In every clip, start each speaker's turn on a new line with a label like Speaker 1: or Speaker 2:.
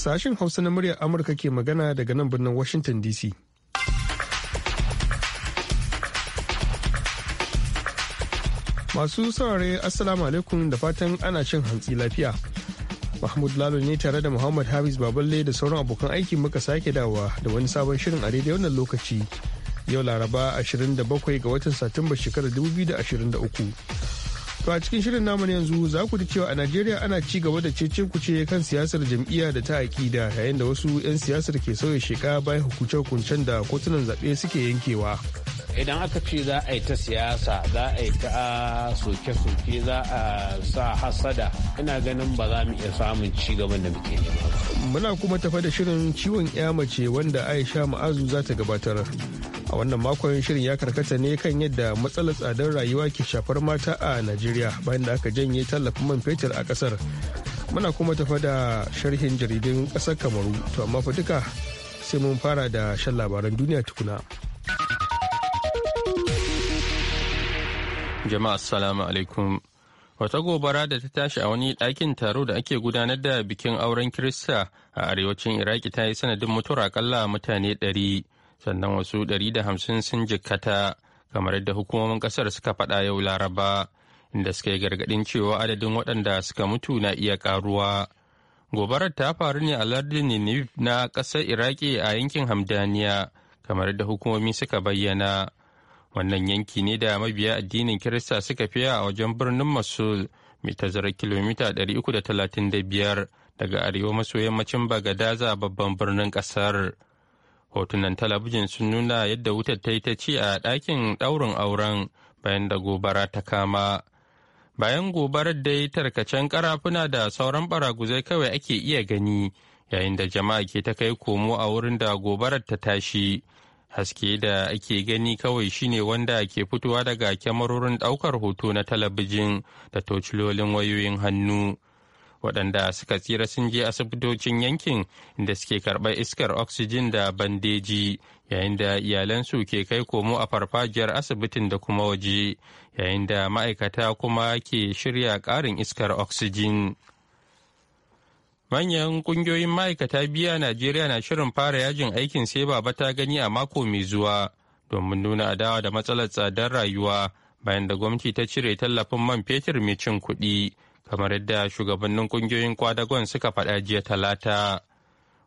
Speaker 1: Sashen Hausa na muryar Amurka ke magana daga nan birnin Washington DC. Masu saurare Assalamu alaikum da fatan ana cin hantsi lafiya. Mahmud Lalo ne tare da Muhammad Habis Baballe da sauran abokan aiki muka sake dawa da wani sabon shirin a daidai wannan lokaci. Yau Laraba 27 ga watan Satumba shekarar 2023. To a cikin shirin namu yanzu za ku ji cewa a Najeriya ana ci gaba da cece kuce kan siyasar jam'iyya da ta aƙida yayin da wasu 'yan siyasar ke sauya sheka bayan hukuncen da kotunan zaɓe suke yankewa.
Speaker 2: idan aka ce za a yi ta siyasa za a yi ta soke-soke za a sa hasada ina ganin ba za mu iya samun ci gaban da muke nema muna
Speaker 1: kuma tafa da shirin ciwon ya mace wanda aisha ma'azu za ta gabatar a wannan makon shirin ya karkata ne kan yadda matsalar tsadar rayuwa ke shafar mata a najeriya bayan da aka janye tallafin man fetur a kasar muna kuma tafa da sharhin jaridun kasar kamaru to amma fa duka sai mun fara da shan labaran duniya tukuna.
Speaker 3: Jama'a assalamu alaikum. Wata gobara da ta tashi a wani ɗakin taro da ake gudanar da bikin auren Kirista a arewacin Iraki ta yi sanadin mutuwar akalla mutane ɗari sannan wasu ɗari da hamsin sun jikkata kamar yadda hukumomin ƙasar suka faɗa yau Laraba inda suka yi gargaɗin cewa adadin waɗanda suka mutu na iya ƙaruwa. Gobarar ta faru ne a lardin Ninib na ƙasar Iraki a yankin Hamdaniya kamar yadda hukumomi suka bayyana. wannan yanki ne da mabiya addinin kirista suka fiya a wajen birnin masul mai tazarar kilomita 335 daga arewa maso yammacin bagadaza babban birnin kasar hotunan talabijin sun nuna yadda wutar ta yi ta ci a ɗakin ɗaurin auren bayan da gobara ta kama bayan gobarar dai tarkacen karafuna da sauran baraguzai kawai ake iya gani yayin da jama'a ke ta kai komo a wurin da gobarar ta tashi haske da ake gani kawai shine wanda ke fitowa daga kyamarorin daukar hoto na talabijin da tocilolin wayoyin hannu waɗanda suka tsira sun je asibitocin yankin inda suke karɓar iskar oxygen da bandeji yayin da iyalansu ke kai komo a farfajiyar asibitin da kuma waje yayin da ma'aikata kuma ke shirya ƙarin iskar oxygen. Manyan kungiyoyin ma'aikata biya Najeriya na shirin fara yajin aikin sai baba ta gani a mako mai zuwa domin nuna adawa da matsalar tsadar rayuwa bayan da gwamnati ta cire tallafin man fetur mai cin kuɗi kamar yadda shugabannin kungiyoyin kwadagon suka faɗa jiya talata.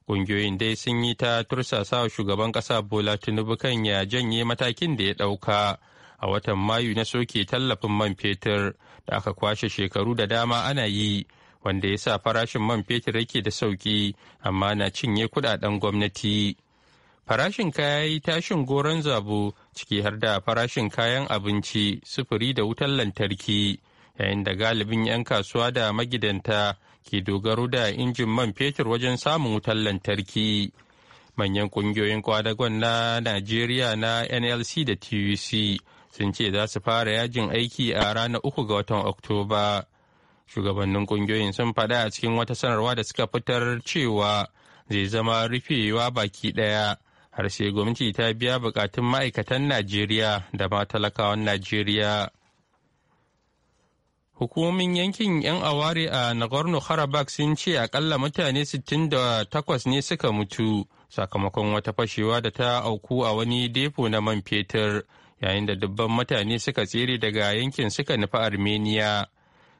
Speaker 3: Kungiyoyin dai sun yi ta tursasa shugaban ƙasa Bola Tinubu kan ya janye matakin da ya ɗauka. a watan mayu na soke tallafin man fetur da aka kwashe shekaru da dama ana yi wanda ya sa farashin man fetur yake da sauki amma na cinye kudaden gwamnati farashin kaya yi tashin goron zabo ciki har da farashin kayan abinci sufuri da wutar lantarki yayin da galibin 'yan kasuwa da magidanta ke dogaro da injin man fetur wajen samun wutar lantarki manyan ƙungiyoyin kwadagon na najeriya na nlc da tuc sun ce za su fara yajin aiki a ranar uku ga watan oktoba shugabannin kungiyoyin sun faɗa a cikin wata sanarwa da suka fitar cewa zai zama rufewa baki ɗaya har sai gwamnati ta biya bukatun ma'aikatan najeriya da ma talakawan najeriya Hukumomin yankin 'yan aware a Nagorno-Karabakh sun ce akalla mutane 68 ne suka mutu sakamakon wata fashewa da ta auku a wani depo na man fetur yayin da dubban mutane suka tsere daga yankin suka nufi Armenia.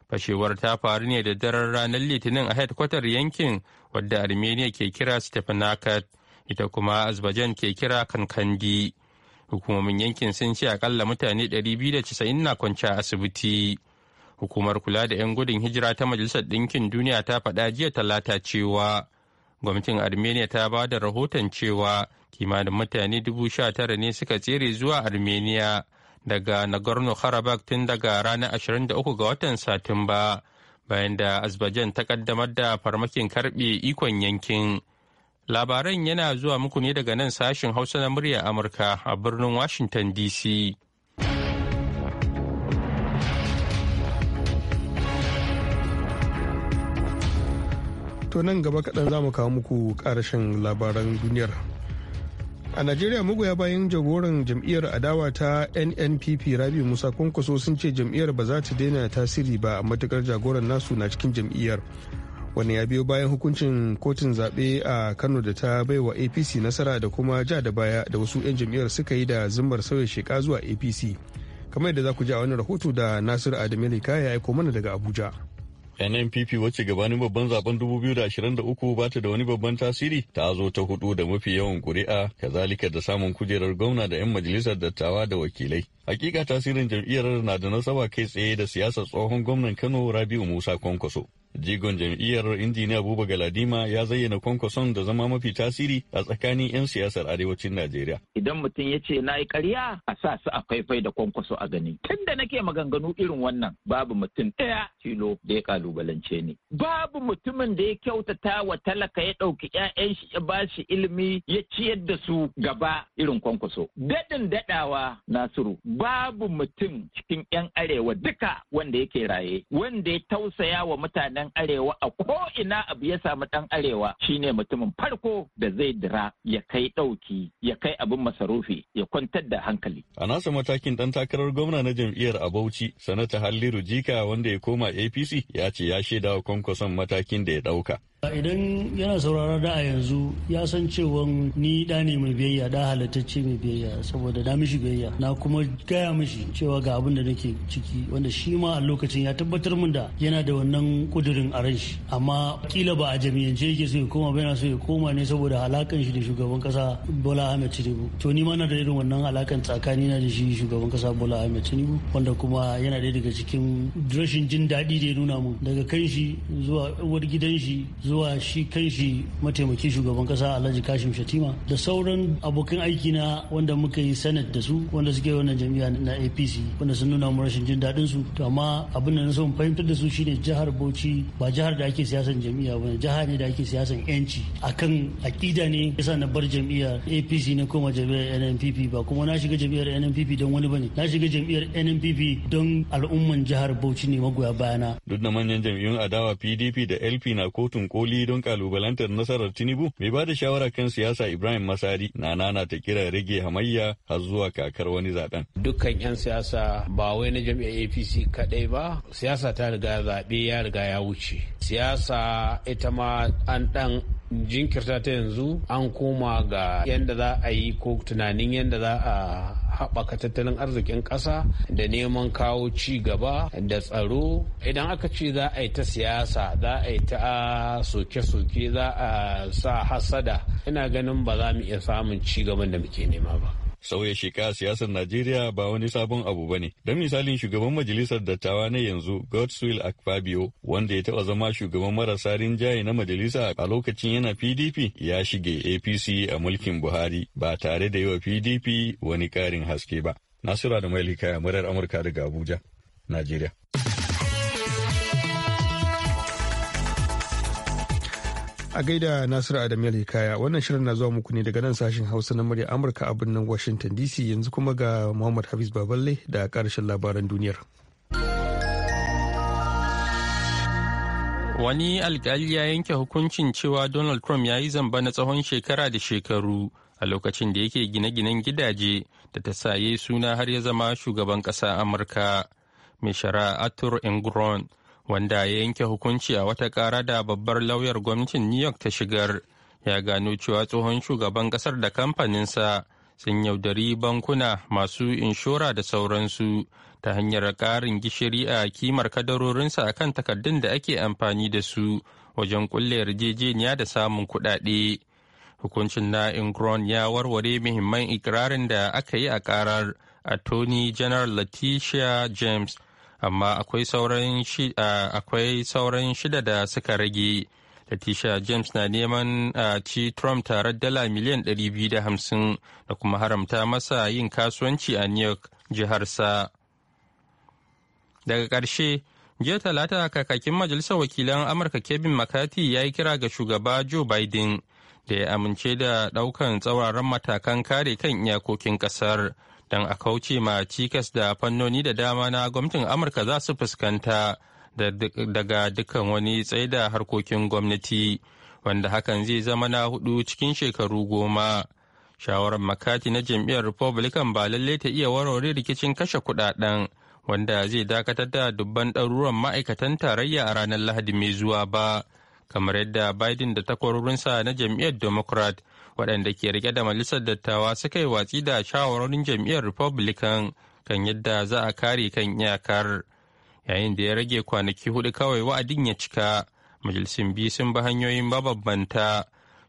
Speaker 3: fashewar ta faru ne da daren ranar litinin a headkwatar yankin wadda armenia ke kira stepanakert ita kuma azerbaijan ke kira kankandi hukumomin yankin sun ce akalla mutane 290 na kwanci a asibiti hukumar kula da 'yan gudun hijira ta majalisar ɗinkin duniya ta faɗa jiya talata cewa gwamnatin armenia ta ba da rahoton cewa kimanin mutane 19,000 ne suka tsere zuwa armenia daga Nagorno-Karabakh tun daga ranar 23 ga watan Satumba bayan da Azerbaijan ta kaddamar da farmakin karbe ikon yankin. Labaran yana zuwa muku ne daga nan sashen Hausa na murya Amurka a birnin Washington DC.
Speaker 1: To nan gaba kaɗan za mu kawo muku ƙarashin labaran duniyar a najeriya ya bayan jagoran jam'iyyar adawa ta nnpp rabi musa kwankwaso sun ce jam'iyyar ba za ta daina tasiri ba matukar jagoran nasu na cikin jam'iyyar wani ya biyo bayan hukuncin kotun zaɓe a kano da ta baiwa apc nasara da kuma ja da baya da wasu 'yan jam'iyyar suka yi da zimmar sauya sheka zuwa apc kamar yadda za ku ji a wani rahoto da nasiru adamu ya aiko mana daga abuja
Speaker 4: NNPP wacce gabanin babban zaben 2023 ba ta da wani babban tasiri ta zo ta hudu da mafi yawan kuri'a kazalika da samun kujerar gwamna da 'yan majalisar dattawa da wakilai. Hakika tasirin jam'iyyar na da nasaba kai tsaye da siyasar tsohon gwamnan Kano Rabiu Musa Kwankwaso. Jigon jam'iyyar injiniya Buba Galadima ya zayyana kwankwason da zama mafi tasiri a tsakanin 'yan siyasar arewacin Najeriya.
Speaker 5: Idan mutum ya ce na yi karya a sa su a faifai da kwankwaso a gani. Tunda nake maganganu irin wannan babu mutum ɗaya tilo da ya kalubalance ni. Babu mutumin da ya kyautata wa talaka ya ɗauki 'ya'yan shi ya ba shi ilimi ya ciyar da su gaba irin kwankwaso. Daɗin daɗawa Nasiru babu mutum cikin 'yan arewa duka wanda yake raye wanda ya tausaya wa mutanen ɗan arewa a ko ina abu ya samu ɗan arewa shine mutumin farko da zai dira ya kai ɗauki ya kai abin masarufi ya kwantar da hankali.
Speaker 4: A nasa matakin ɗan takarar gwamna na jam'iyyar a Bauchi sanata Halliru Jika wanda ya koma APC ya ce ya shaidawa wa kwankwason matakin da ya ɗauka.
Speaker 6: idan yana saurara da a yanzu ya san cewa ni da ne mai biyayya da halittacce mai biyayya saboda da mishi biyayya na kuma gaya mishi cewa ga abin da nake ciki wanda shi ma a lokacin ya tabbatar min da yana da wannan kudurin a ran shi amma kila ba a jami'ance yake so ya koma ba yana so ya koma ne saboda halakan shi da shugaban kasa Bola Ahmed Tinubu to ni ma na da irin wannan halakan tsakani na da shi shugaban kasa Bola Ahmed Tinubu wanda kuma yana daya daga cikin rashin jin daɗi da ya nuna mun daga kan shi zuwa uwar gidan shi zuwa shi kanshi mataimakin shugaban kasa Alhaji Kashim Shatima da sauran abokan aiki na wanda muka yi sanad da su wanda suke wannan jami'a na APC wanda sun nuna mu rashin jin daɗin su to amma abin da na so fahimtar da su shine jihar Bauchi ba jihar da ake siyasan jami'a ba jiha ne da ake siyasan yanci akan akida ne yasa na bar jami'ar APC na koma jami'ar NNPP ba kuma na shiga jami'ar NNPP don wani bane na shiga jami'ar NNPP don al'umman jihar Bauchi ne magoya bayana
Speaker 4: duk da manyan jami'un adawa PDP da LP na kotun ko koli don kalubalantar nasarar Tinubu mai ba da shawara kan siyasa Ibrahim Masari na nana ta kira rage hamayya har zuwa kakar
Speaker 2: wani zaben. Dukkan 'yan siyasa ba wai na jam'iyyar APC kadai ba, siyasa ta riga zaɓe ya riga ya wuce. Siyasa ita ma an ɗan jinkirta ta yanzu an koma ga yadda za a yi ko tunanin yadda za a haɓaka tattalin arzikin ƙasa da neman kawo ci gaba da tsaro idan aka ce za a yi ta siyasa za a yi ta soke-soke za a sa hasada ina ganin ba za mu iya samun ci gaban da muke nema ba
Speaker 4: sauya sheka siyasar Najeriya ba wani sabon abu ba ne. Don misalin shugaban majalisar dattawa na yanzu Godswill Akpabio wanda ya taɓa zama shugaban marasa rinjaye na majalisa a lokacin yana PDP ya shige APC a mulkin Buhari ba tare da yawa PDP wani ƙarin haske ba. nasiru da Mailika murar Amurka daga Abuja, Najeriya.
Speaker 1: A gaida Nasiru Adam Hikaya wannan shirin na zuwa muku ne daga nan sashen Hausa na murya Amurka a birnin Washington DC yanzu kuma
Speaker 3: ga Muhammad Hafiz Baballe da karshen labaran duniyar. Wani alkali ya yanke hukuncin cewa Donald Trump ya yi zamba na tsawon shekara da shekaru a lokacin da yake gine-ginen gidaje da ta saye suna har ya zama shugaban ƙasa Amurka. Mai shara Arthur Engron wanda ya yanke hukunci a wata kara da babbar lauyar gwamnatin New York ta shigar ya gano cewa tsohon shugaban kasar da kamfaninsa sun yaudari bankuna masu inshora da sauransu ta hanyar ƙarin gishiri a kimar kadarorinsa kan takardun da ake amfani da su wajen kulle yarjejeniya da samun kuɗaɗe. Hukuncin na Ingron ya warware muhimman ikirarin da aka yi a ƙarar Attorney General Letitia James amma akwai sauran shida da suka rage Letitia James na neman a ci Trump tare dala miliyan 250 da kuma haramta masa yin kasuwanci a New York sa. Daga ƙarshe, jiya talata kakakin Majalisar Wakilan Amurka Kevin McCarthy ya yi kira ga shugaba Joe Biden da ya amince da ɗaukan tsauraran matakan kare kan iyakokin ƙasar. don a kauce ma cikas da fannoni da dama na gwamnatin amurka za su fuskanta daga dukkan wani tsaida harkokin gwamnati wanda hakan zai zama na hudu cikin shekaru goma shawarar makati na jam'iyyar republican ba lallai ta iya warware rikicin kashe kudaden wanda zai dakatar da dubban ɗaruruwan ma'aikatan tarayya a ranar lahadi mai zuwa ba kamar yadda biden da takwarorinsa na jam'iyyar democrat waɗanda ke rike da majalisar dattawa suka yi watsi da shawarorin jam'iyyar republican kan yadda za a kare kan iyakar yayin da ya rage kwanaki hudu kawai wa'adin ya cika majalisun biyu sun bi hanyoyin mababbanta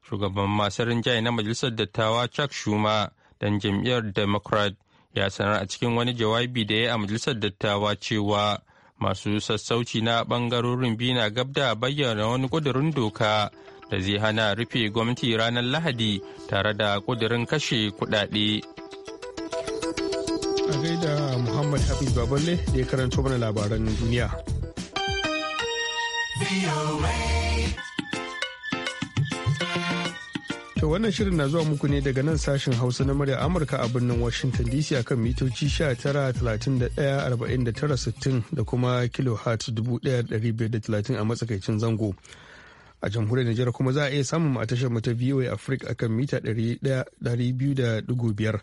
Speaker 3: shugaban masu rinjaye na majalisar dattawa chuck shuma dan jam'iyyar democrat ya sanar a cikin wani jawabi da ya a majalisar dattawa cewa masu sassauci na bangarorin biyu na gabda bayyana wani ƙudurin doka da zai hana rufe gwamnati ranar lahadi tare da kudirin kashe kudade.
Speaker 1: a gaida muhammad hafiz baballe da ya karanto mana labaran duniya To wannan shirin na zuwa muku ne daga nan sashen Hausa na murya Amurka a birnin Washington DC a kan mitoci 19,31,49,60 da kuma kilohertz 1,530 a matsakaicin zango. a jamhuriyar Nijar kuma za a iya samun a tashar ta VOA Africa akan mita 200.5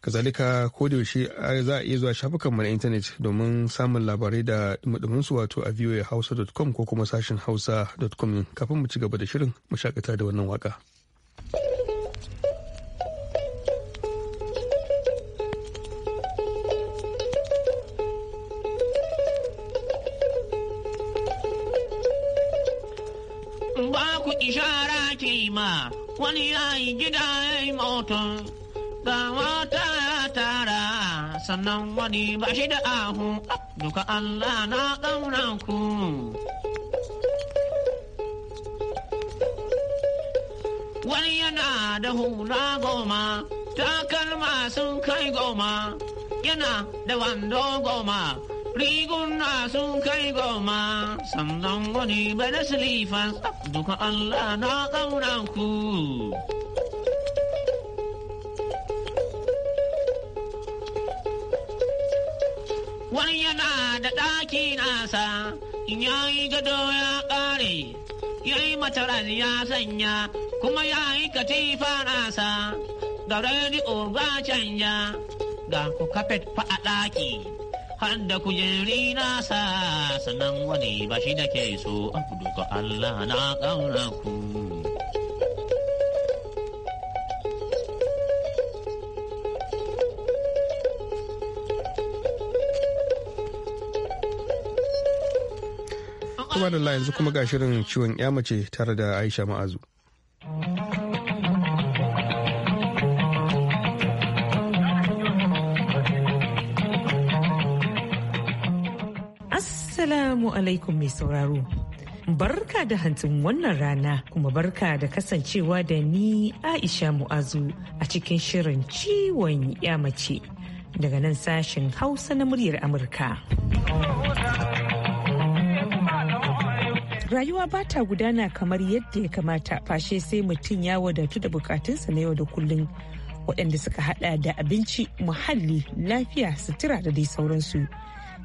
Speaker 1: kazalika ko da yaushe za a iya zuwa mu na intanet domin samun labarai da dumudumin su wato a voahausa.com ko kuma sashin hausa.com kafin mu ci gaba da shirin mu shakata da wannan waka.
Speaker 7: wani ya yi gida ya yi mota ga mata ya tara sannan wani ba shi da ahu duka Allah na ƙauna ku. Wani yana da hula goma takalma sun kai goma yana da wando goma riguna sun kai goma sannan wani bane silifan duka Allah na ƙaunan ku. Wani yana da ɗaki nasa, ya yi gado ya ƙare, ya yi mataran ya sanya, kuma ya yi katifa nasa, da uba ba canja, ga
Speaker 6: ku kafet fa a ɗaki. hadda kujeri na sa sanan wani ba shi da ke so abu duka Allah na ƙaura ku.
Speaker 1: Kuma da yanzu kuma ga shirin ciwon mace tare da Aisha Ma'azu.
Speaker 7: Assalamu alaikum mai sauraro. Barka da hantun wannan rana kuma barka da kasancewa da ni Aisha Mu'azu a cikin shirin ciwon mace daga nan sashen Hausa na muryar Amurka. Rayuwa ba ta gudana kamar yadda ya kamata fashe sai mutum ya wadatu da bukatunsa na yau da kullum. waɗanda suka hada da abinci muhalli lafiya sutura da dai sauransu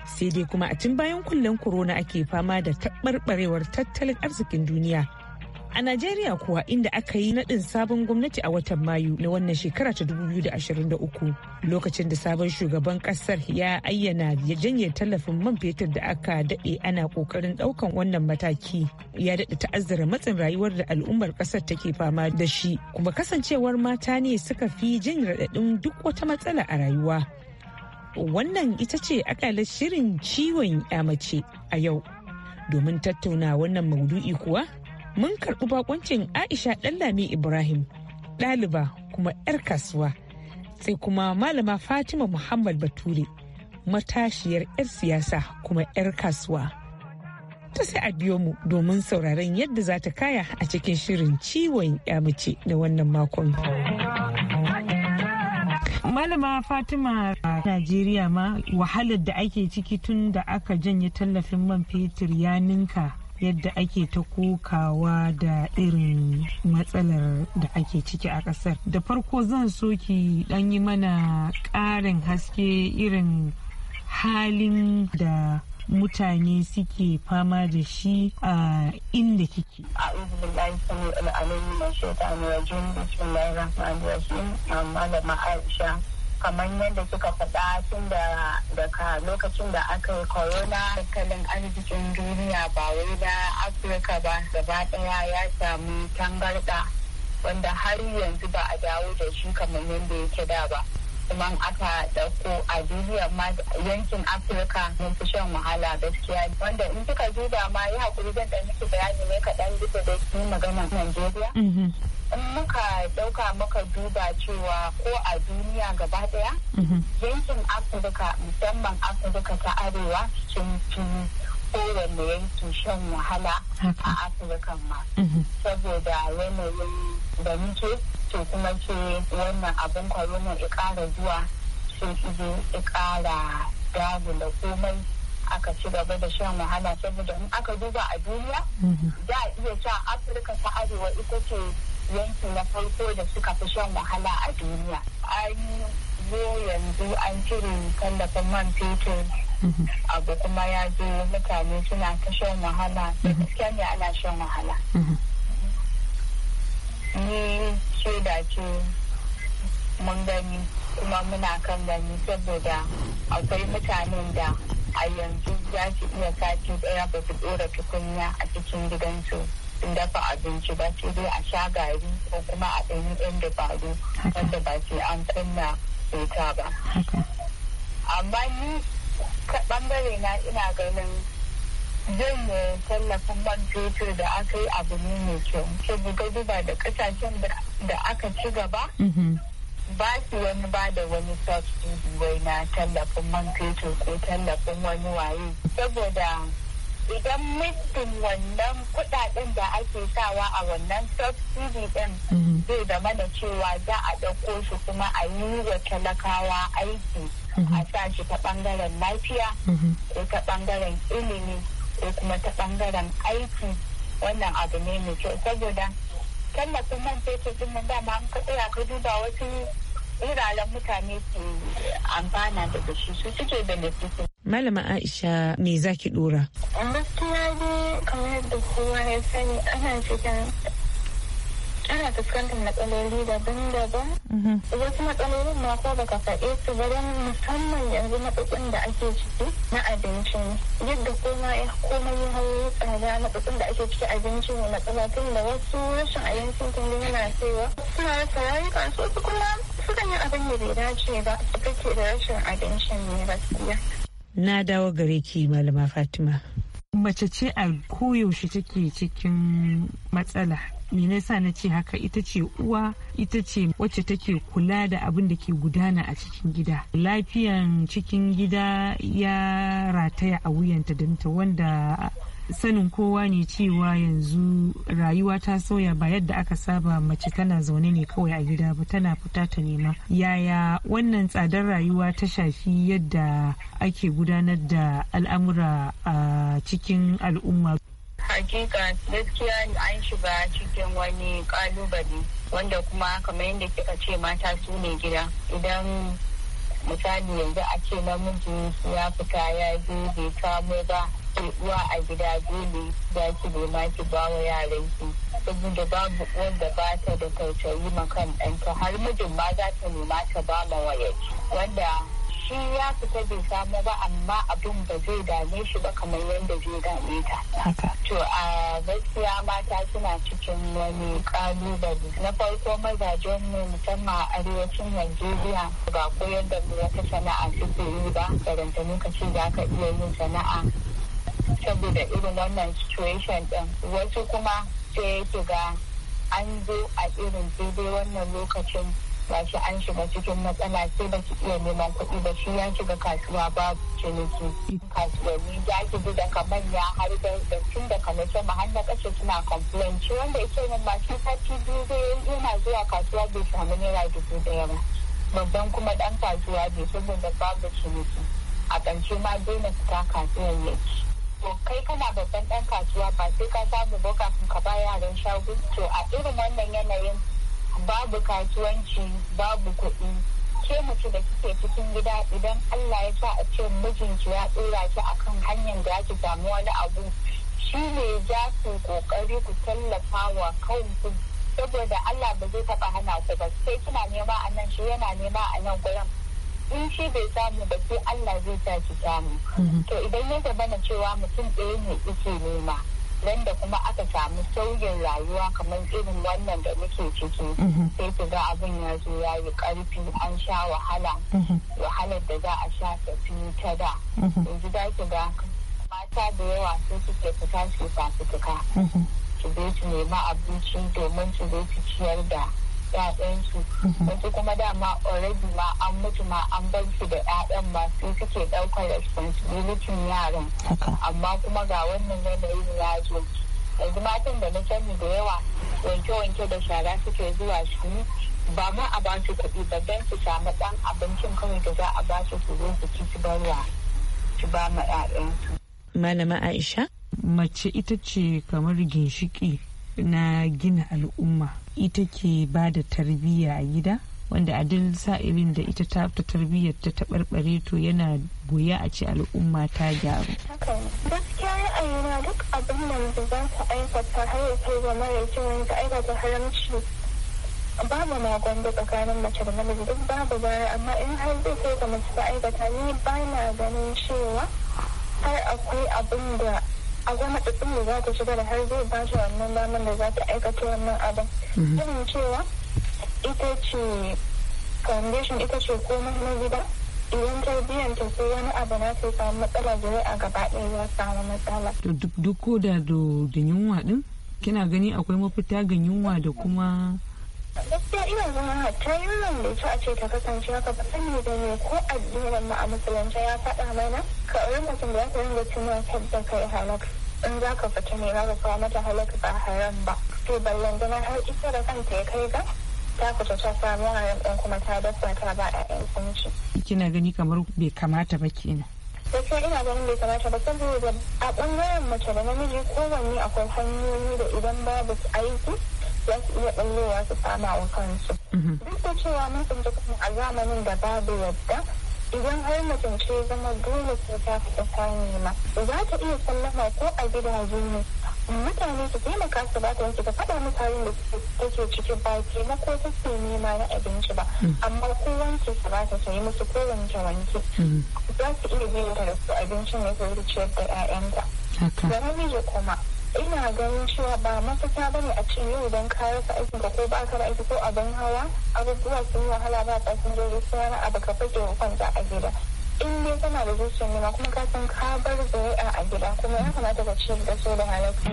Speaker 7: sai dai kuma a tun bayan kullen korona ake fama da taɓarɓarewar tattalin arzikin duniya a najeriya kuwa inda aka yi naɗin sabon gwamnati a watan mayu na wannan shekara ta 2023 lokacin da sabon shugaban ƙasar ya ayyana ya janye tallafin man fetur da aka daɗe ana kokarin ɗaukan wannan mataki ya daɗe ta'azzara matsin rayuwar da al'ummar ƙasar take fama da shi kuma kasancewar mata ne suka fi jin raɗaɗin duk wata matsala a rayuwa Wannan ita ce akalar shirin ciwon mace a yau. Domin tattauna wannan maudu'i kuwa, mun karɓi bakoncin Aisha Ɗanlami Ibrahim, ɗaliba kuma 'yar kasuwa, sai kuma Malama Fatima Muhammad Bature, matashiyar 'yar siyasa kuma 'yar kasuwa. ta sai a biyo mu domin sauraron yadda za ta kaya a cikin shirin ciwon mace na wannan makon. malama fatima a najeriya ma wahalar da ake ciki tun da aka janye tallafin man fetur ya ninka yadda ake ta kokawa da irin matsalar da ake ciki a kasar. da farko zan so ki dan yi mana ƙarin haske irin halin da mutane suke fama da shi a inda kike.
Speaker 8: Malama Aisha kamar yadda suka faɗa tun da daga lokacin da aka yi corona tattalin arzikin duniya ba wai na afirka ba gaba ɗaya ya samu tangarɗa wanda har yanzu ba a dawo da shi kamar yadda yake da ba kuma aka dauko a duniya ma yankin afirka mun fi shan wahala gaskiya wanda in kika duba ma ya hakuri zan dan miki bayani ne kaɗan duka da su magana najeriya mm-hmm. in muka dauka muka duba cewa ko a duniya gaba daya mm-hmm. yankin afirka musamman afirka ta arewa cikin kowanne yanki shan wahala a afirka ma mhm. saboda yanayin da muke to kuma ke wannan abin corona ya ƙara zuwa sai ido ya ƙara dagula komai aka ci gaba da shan wahala saboda in aka duba a duniya mhm. za a iya sha afirka ta arewa ita ce yanki na farko da suka fi shan wahala a duniya an zo yanzu an cire tallafin man fetur abu kuma ya zo mutane suna ta shan wahala da gaskiya ne ana shan wahala ni ce da ce mun gani kuma muna kan gani saboda akwai mutanen da a yanzu za su iya sati daya ba su dora tukunya a cikin gidansu sun dafa abinci ba sai dai a sha gari ko kuma a ɗanyi ɗan dabaru wanda ba sai an kunna wuta ba amma ni bangare na ina ganin janye tallafin man fetur da aka yi abu ne mai kyau saboda duba da kasashen da aka ci gaba mm-hmm. ba su wani ba da wani subsidy wai na tallafin man fetur ko tallafin wani waye saboda idan mutum wannan kudaden da ake sawa a wannan subsidy din mhm. zai zama da cewa za a ɗauko shi kuma a yi wa talakawa aiki mhm. a sa shi ta ɓangaren lafiya mhm. ko ta ɓangaren ilimi ko kuma ta bangaren aiki wannan abu ne mai kyau saboda tallafin man fetur din da ma an ka tsaya ka duba wasu wuraren mutane su amfana
Speaker 9: daga shi su suke benefitin.
Speaker 7: Malama Aisha me zaki dora?
Speaker 9: Gaskiya ne kamar yadda kowa ya sani ana cikin ana fuskantar matsaloli daban-daban mhm. wasu matsaloli ma ko baka faɗe su ba don musamman yanzu matsatsin da ake ciki na abinci ne yadda koma ya koma yi hauyi tsada matsatsin da ake ciki abinci ne matsala tun da wasu rashin abinci tun yana cewa suna rasa rayukan su kuma sukan yi abin da bai dace ba su kake da rashin abinci ne gaskiya.
Speaker 7: Na dawo gare ki malama Fatima. Mace ce a koyaushe take cikin matsala me yasa na ce haka ita ce uwa ita ce wacce take kula da abin da ke gudana a cikin gida lafiyan cikin gida ya rataya a wuyanta danta wanda sanin kowa ne cewa yanzu rayuwa ta sauya ba yadda aka saba mace tana zaune ne kawai a gida ba tana fita ta nema yaya wannan tsadar rayuwa ta shafi yadda ake gudanar da al'amura a cikin al'umma
Speaker 8: Hakika gaskiya an shiga cikin wani kalubale wanda kuma kamar yadda kika ce mata su ne gida idan misali yanzu a ce namiji ya fita ya je bai kamo ba ke uwa a gida dole za ki nema ki ba wa yaran ki saboda babu uwar da ba ta da tausayi ma kan ɗanta har mijin ma za ta nema ta ba ma wayar wanda su ta samu ba amma abin ba zai dame shi ba kamar yadda zai dame ta. To a gaskiya mata suna cikin wani kalubale. Na farko mazajen mu musamman a arewacin Najeriya ba koyar da mu wata sana'a suke yi ba. Karanta lokaci za ka iya yin sana'a saboda irin wannan situation ɗin. wasu kuma sai ya ga an zo a irin daidai wannan lokacin bashi an shiga cikin matsala sai ba su iya neman kuɗi ba shi ya shiga kasuwa babu ciniki kasuwanni ya ki bi kamar manya har da tun da kamar ma har na kashe suna complain shi wanda yake yin masu sati biyu zai yana zuwa kasuwa bai samu naira dubu ɗaya ba babban kuma ɗan kasuwa bai saboda babu ciniki a ƙarshe ma na fita kasuwar yake to kai kana babban ɗan kasuwa ba sai ka samu ba kafin ka ba yaran shago to a irin wannan yanayin babu kasuwanci babu kuɗi ke mace da kike cikin gida idan Allah ya sa a ce mijinki ya ɗora ki akan hanyar da ake samu wani abu shi ne za ku kokari ku tallafa wa kanku saboda Allah ba zai taɓa hana ku ba sai kina nema a nan shi yana nema a nan gurin in shi bai samu ba sai Allah zai sa ki samu mm-hmm. to idan ya zama na cewa mutum ɗaya ne yake nema da kuma aka samu sauyin rayuwa kamar irin wannan da muke ciki mhm. sai ku ga abin ya zo ya yi karfi an sha wahala mhm. wahalar da za a sha fi ta da mhm. yanzu za ki ga mata da yawa sai suke fita su fafutuka su je su nema abinci domin su zo su ciyar da ƴaƴansu mhm. wasu kuma dama already ma an mutu ma an bar su da ƴaƴan ma su suke ɗaukar responsibility yaran amma kuma ga wannan yanayin ya zo yanzu matan da na sani da yawa wanke-wanke da shara suke zuwa shi ba ma a ba su kuɗi ba don su samu ɗan abincin kawai da za a ba su su zo su ci su barwa su ba ma 'ya'yansu.
Speaker 7: Malama Aisha? Mace ita ce kamar ginshiki na gina al'umma ita ke ba da tarbiyya a gida wanda a duk sa'irin da ita ta ta tarbiyyar ta taɓarɓare to yana goya a ce al'umma ta gyaru.
Speaker 9: gaskiya ra'ayina duk abin da za aikata har ya ga aikata haramci babu magon da tsakanin mace da namiji duk babu baya amma in har zai kai ga mace ta aikata ni ba na ganin cewa har akwai abin da a gwamnati da za ta shiga da har zai ba shi wannan damar da za ta aikata wannan abin irin mhm. cewa ita ce foundation ita ce komai na gida idan biyan ta sai wani abu na sai samu matsala zai a gaba ɗaya ya samu matsala.
Speaker 7: to duk ko da da yunwa din kina gani akwai mafita ga yunwa da kuma
Speaker 9: gaskiya ina zama hatta yunwan da ta ce ta kasance haka ba sani da ne ko addinin mu a musulunci ya faɗa mana ka aure mutum da ya ka ringa tunan kadda kai halak in za ka fita ne za ka kawo mata halak ba haram ba to ballan gana har isa da kanta ya kai ga ta fita ta samu haram ɗin kuma ta dafa ta ba a ƴan kunci.
Speaker 7: kina gani kamar bai kamata ba kenan.
Speaker 9: gaskiya ina ganin bai kamata ba saboda a ɓangaren mace da namiji kowanne akwai hanyoyi da idan babu aiki za su iya ɓallewa su sama wa kansu. Mhm. Duk da cewa mun tsinci kuma a zamanin da babu yadda idan har mutum ce zama dole ko ta fita kayan ma za ta iya sallama ko a gidaje ne mutane su taimaka su ba ta ta faɗa mutanen da take ciki ba taimako ta ke nema na abinci ba mhm. amma ko wanke su ba ta sayi musu ko wanke wanke mhm. za su iya biyan ta da su abincin ne su ciyar da 'ya'yanta. Da namiji kuma ina ganin cewa ba mafita ba ne a ce yau don ka rasa ko ba ka da aiki ko abin hawa abubuwa sun yi wahala ba fasinjoji sun yana abu ka fage kwanta a gida in dai kana da zuciyar nema kuma ka san ka bar zuri'a a gida kuma ya kamata ka ce da so da halatta.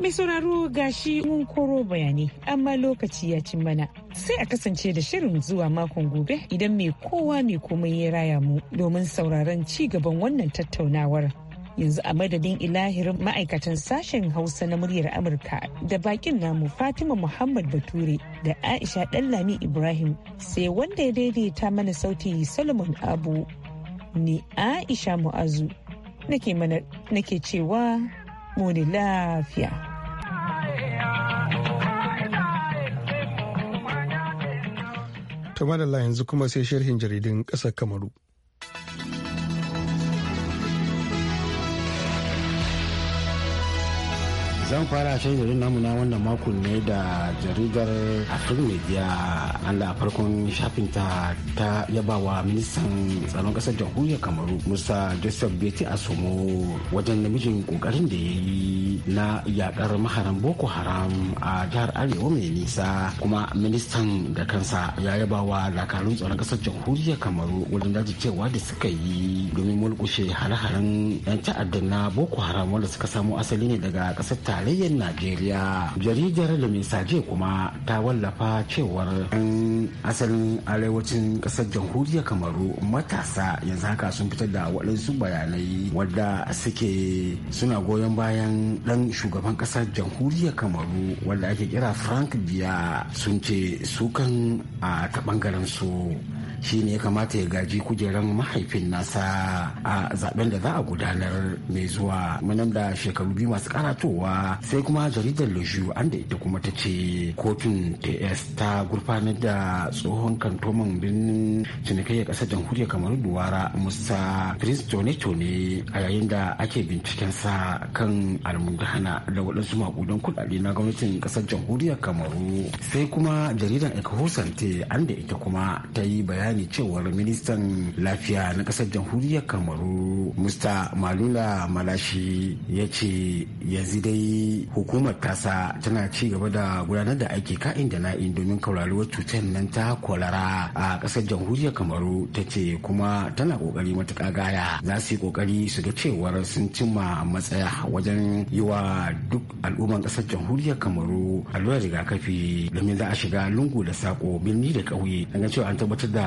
Speaker 7: Mai sauraro gashi mun koro bayani amma lokaci ya ci mana. Sai a kasance da shirin zuwa makon gobe idan mai kowa mai komai ya raya mu domin sauraron ci gaban wannan tattaunawar. yanzu a madadin ilahirin ma'aikatan sashen hausa na muryar amurka da bakin namu fatima muhammad bature da aisha ɗanlami ibrahim sai wanda ya daidaita mana sauti solomon abu ni aisha mu'azu nake cewa muni lafiya
Speaker 1: ta yanzu kuma sai sharhin jaridun ƙasar kamaru
Speaker 2: zan fara shirin namu na wannan makon ne da jaridar afrin media an da farkon shafinta ta ta yabawa ministan tsaron kasar jamhuriyar kamaru musa joseph beti asomo wajen namijin kokarin da ya yi na yakar maharan boko haram a jihar arewa mai nisa kuma ministan da kansa ya yabawa dakarun tsaron kasar jamhuriyar kamaru wajen daji cewa da suka yi domin mulkushe hare-haren 'yan ta'adda na boko haram wanda suka samo asali ne daga kasar tarayyar najeriya jaridar da misaje kuma ta wallafa cewar 'yan asalin arewacin kasar jamhuriyar kamaru matasa yanzu haka sun fitar da waɗansu bayanai wadda suke suna goyon bayan ɗan shugaban kasar jamhuriyar kamaru wadda ake kira frank biya sun ce sukan a ta ɓangaren su shi ne kamata ya gaji kujeran mahaifin nasa a zaben da za a gudanar mai zuwa manan da shekaru biyu masu karatowa sai kuma jaridar leju an da ita kuma ta ce kotun ts ta gurfanar da tsohon kantoman birnin cinikayyar ƙasar jamhuriyar kamar duwara musa prince tone tone a yayin da ake bincikensa kan almundana da waɗansu maƙudan kuɗaɗe na gwamnatin ƙasar jamhuriyar kamaru sai kuma jaridar ekahusante an da ita kuma ta yi bayani bayani cewar ministan lafiya na kasar jamhuriyar kamaru musta malula malashi ya ce yanzu dai hukumar tasa tana ci gaba da gudanar da aiki ka'in da na'in domin kauraruwar cutar nan ta kwalara a kasar jamhuriyar kamaru ta ce kuma tana kokari matuka gaya za su yi kokari su ga cewar sun cimma matsaya wajen yi wa duk al'umman kasar jamhuriyar kamaru allurar rigakafi domin za a shiga lungu da sako birni da ƙauye an ga cewa an tabbatar da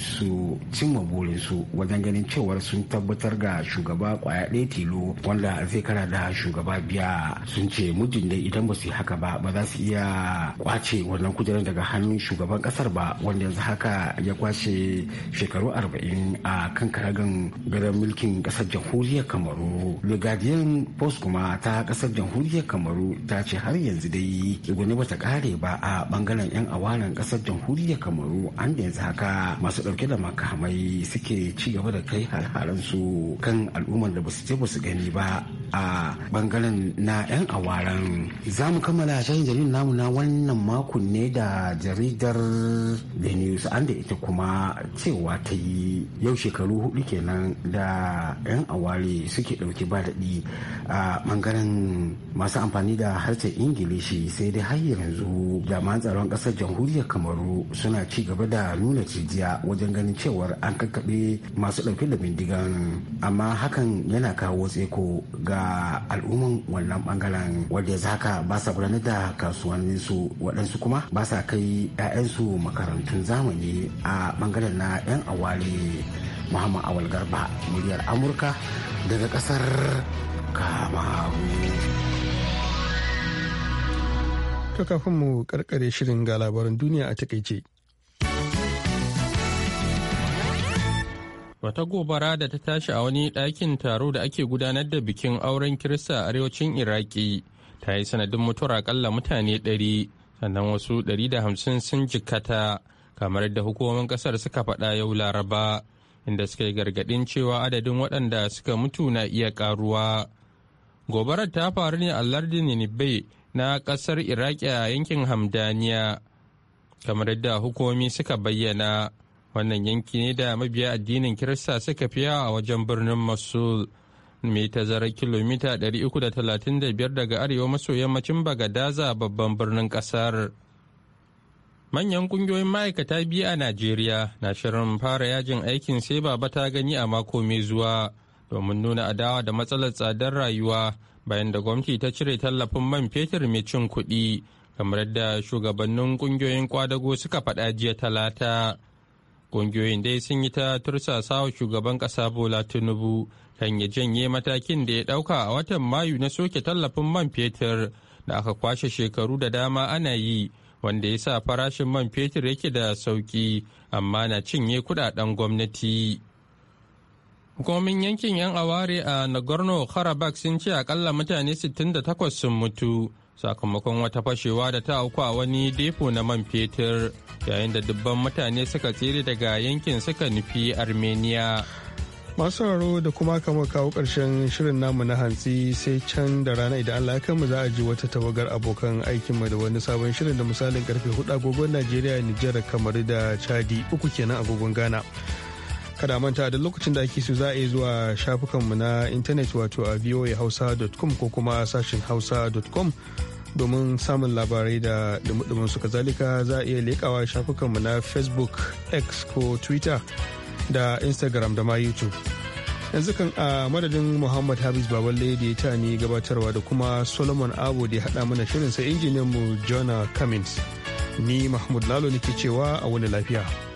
Speaker 2: su cimma burinsu wajen ganin cewar sun tabbatar ga shugaba kwaya ɗaya tilo wanda zai kara da shugaba biya sun ce mujin da idan ba su yi haka ba ba za su iya kwace wannan kujerar daga hannun shugaban ƙasar ba wanda yanzu haka ya kwashe shekaru arba'in a kan karagan gadon mulkin kasar jamhuriyar kamaru the guardian post kuma ta kasar jamhuriyar kamaru ta ce har yanzu dai gwani ba ta kare ba a bangaren yan awalan kasar jamhuriyar kamaru an da yanzu haka masu dauke da makamai suke ci gaba da kai har su kan al'ummar da basu je ba su gani ba a bangaren na 'yan awaran za mu kammala shan jaridar namu na wannan makon ne da jaridar the news an da ita kuma cewa ta yi yau shekaru hudu kenan da 'yan aware suke dauki ba daɗi a bangaren masu amfani da harshen ingilishi sai dai har yanzu jami'an tsaron ƙasar jamhuriyar kamaru suna ci gaba da nuna cijiya wajen ganin cewar an kakkaɓe masu ɗauke da bindigan amma hakan yana kawo tseko ga a al'umman wannan bangaren wadda za ka ba sa gudanar da kasuwannin su waɗansu kuma ba sa kai 'ya'yansu makarantun zamani a bangaren na 'yan awali muhammad awal garba muryar amurka daga ƙasar kamaru To
Speaker 1: kafin mu karkare shirin ga labaran duniya a takaice.
Speaker 3: wata gobara da ta tashi a wani ɗakin taro da ake gudanar da bikin auren kirista a arewacin iraki ta yi sanadin mutuwar akalla mutane 100 sannan wasu 150 sun jikkata kamar yadda hukumomin kasar suka faɗa yau laraba inda suka yi gargaɗin cewa adadin waɗanda suka mutu na iya ƙaruwa gobarar ta faru ne a lardin ninibe na ƙasar iraki a yankin hamdaniya kamar yadda hukumomi suka bayyana wannan yanki ne da mabiya addinin kirista suka fi yawa a wajen birnin masul mai tazarar kilomita 335 daga arewa maso yammacin bagadaza babban birnin kasar manyan kungiyoyin ma'aikata biyu a najeriya na shirin fara yajin aikin sai baba ta gani a mako mai zuwa domin nuna adawa da matsalar tsadar rayuwa bayan da gwamnati ta cire tallafin man fetur mai cin kuɗi kamar yadda shugabannin kungiyoyin kwadago suka faɗa jiya talata Ƙungiyoyin dai sun yi ta tursasa wa shugaban ƙasa Bola Tinubu kan ya janye matakin da ya ɗauka a watan Mayu na soke tallafin man fetur da aka kwashe shekaru da dama ana yi wanda ya sa farashin man fetur yake da sauƙi amma na cinye kudaden gwamnati. Hukumomin yankin 'yan aware a Nagorno-Karabakh sun ce akalla mutane 68 sun mutu sakamakon wata fashewa da ta auku a wani depo na man fetur yayin da dubban mutane suka tsere daga yankin suka nufi armenia
Speaker 1: masu sauraro da kuma kama kawo karshen shirin namu na hantsi sai can da rana idan allah ya mu za a ji wata tawagar abokan aikinmu da wani sabon shirin da misalin karfe hudu agogon najeriya nijar kamar da chadi uku kenan agogon ghana kada manta da lokacin da ake su za a yi zuwa shafukanmu na intanet wato a voahausa.com ko kuma sashin hausa.com domin samun labarai da dumudumin suka zalika za a iya leƙawa shafukanmu na facebook x ko twitter da instagram da ma youtube yanzu kan a madadin muhammad habis baballe da ta ni gabatarwa da kuma solomon abu da ya haɗa mana shirin sai injiniyanmu jona cummins ni mahmud lalo nake cewa a wani lafiya